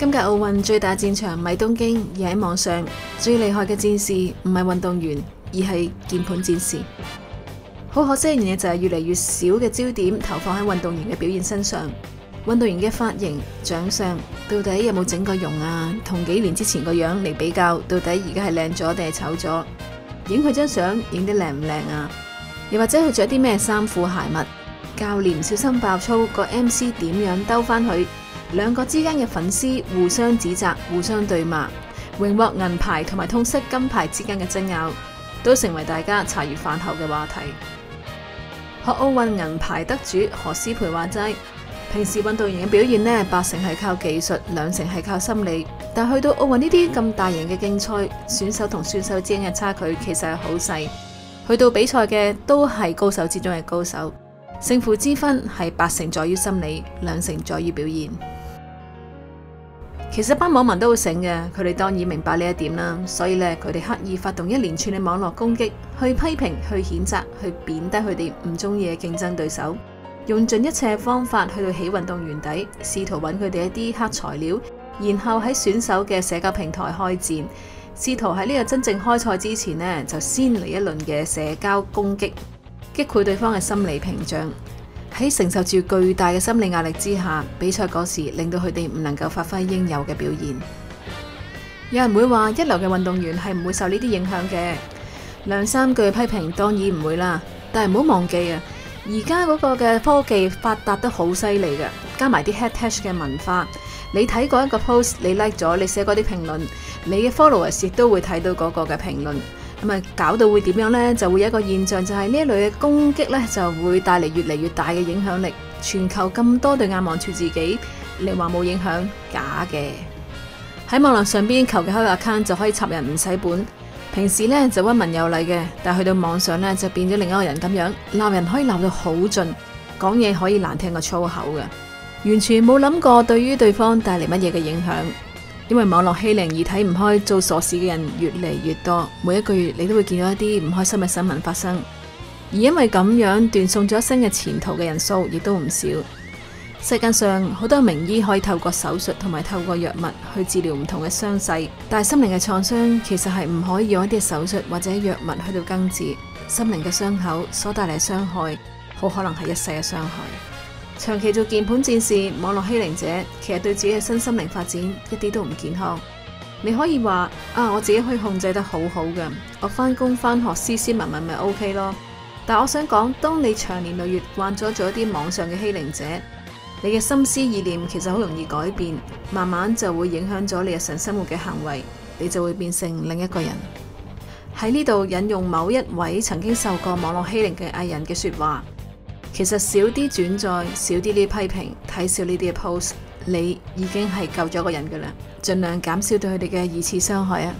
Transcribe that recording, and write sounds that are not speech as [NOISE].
今屆奧運最大戰場唔係東京，而係網上。最厲害嘅戰士唔係運動員，而係鍵盤戰士。好可惜嘅嘢就係越嚟越少嘅焦點投放喺運動員嘅表現身上。運動員嘅髮型、長相到底有冇整過容啊？同幾年之前個樣嚟比較，到底而家係靚咗定係醜咗？影佢張相影得靚唔靚啊？又或者佢着啲咩衫褲鞋襪？教練唔小心爆粗，個 M C 點樣兜翻去？兩個之間嘅粉絲互相指責，互相對罵。榮獲銀牌同埋痛失金牌之間嘅爭拗，都成為大家茶餘飯後嘅話題。學奧運銀牌得主何詩培話齋：平時運動員嘅表現呢，八成係靠技術，兩成係靠心理。但去到奧運呢啲咁大型嘅競賽，選手同選手之間嘅差距其實係好細。去到比賽嘅都係高手之中嘅高手。勝負之分係八成在於心理，兩成在於表現。其實班網民都好醒嘅，佢哋當然明白呢一點啦。所以咧，佢哋刻意發動一連串嘅網絡攻擊，去批評、去譴責、去貶低佢哋唔中意嘅競爭對手，用盡一切方法去到起運動員底，試圖揾佢哋一啲黑材料，然後喺選手嘅社交平台開戰，試圖喺呢個真正開賽之前呢，就先嚟一輪嘅社交攻擊。擊潰對方嘅心理屏障，喺承受住巨大嘅心理壓力之下，比賽嗰時，令到佢哋唔能夠發揮應有嘅表現。 [MUSIC] 有人會話一流嘅運動員係唔會受呢啲影響嘅，兩三句批評當然唔會啦，但係唔好忘記啊！而家嗰個嘅科技發達得好犀利嘅，加埋啲 hashtag 嘅文化，你睇過一個 post，你 like 咗，你寫過啲評論，你嘅 followers 亦都會睇到嗰個嘅評論。咁啊，搞到會點樣呢？就會有一個現象，就係呢一類嘅攻擊咧，就會帶嚟越嚟越大嘅影響力。全球咁多對眼望住自己，你話冇影響，假嘅。喺網絡上邊求其開 account 就可以插人，唔使本。平時咧就温文有禮嘅，但去到網上咧就變咗另一個人咁樣，鬧人可以鬧到好盡，講嘢可以難聽過粗口嘅，完全冇諗過對於對方帶嚟乜嘢嘅影響。因為網絡欺凌而睇唔開做傻事嘅人越嚟越多，每一個月你都會見到一啲唔開心嘅新聞發生，而因為咁樣斷送咗新嘅前途嘅人數亦都唔少。世界上好多名醫可以透過手術同埋透過藥物去治療唔同嘅傷勢，但係心靈嘅創傷其實係唔可以用一啲手術或者藥物去到根治，心靈嘅傷口所帶嚟嘅傷害好可能係一世嘅傷害。長期做鍵盤戰士、網絡欺凌者，其實對自己嘅身心靈發展一啲都唔健康。你可以話啊，我自己可以控制得好好嘅，我翻工翻學斯斯文文咪 OK 咯。但我想講，當你長年累月慣咗做一啲網上嘅欺凌者，你嘅心思意念其實好容易改變，慢慢就會影響咗你日常生活嘅行為，你就會變成另一個人。喺呢度引用某一位曾經受過網絡欺凌嘅藝人嘅說話。其實少啲轉載，少啲啲批評，睇少呢啲嘅 post，你已經係救咗個人㗎喇，盡量減少對佢哋嘅二次傷害啊！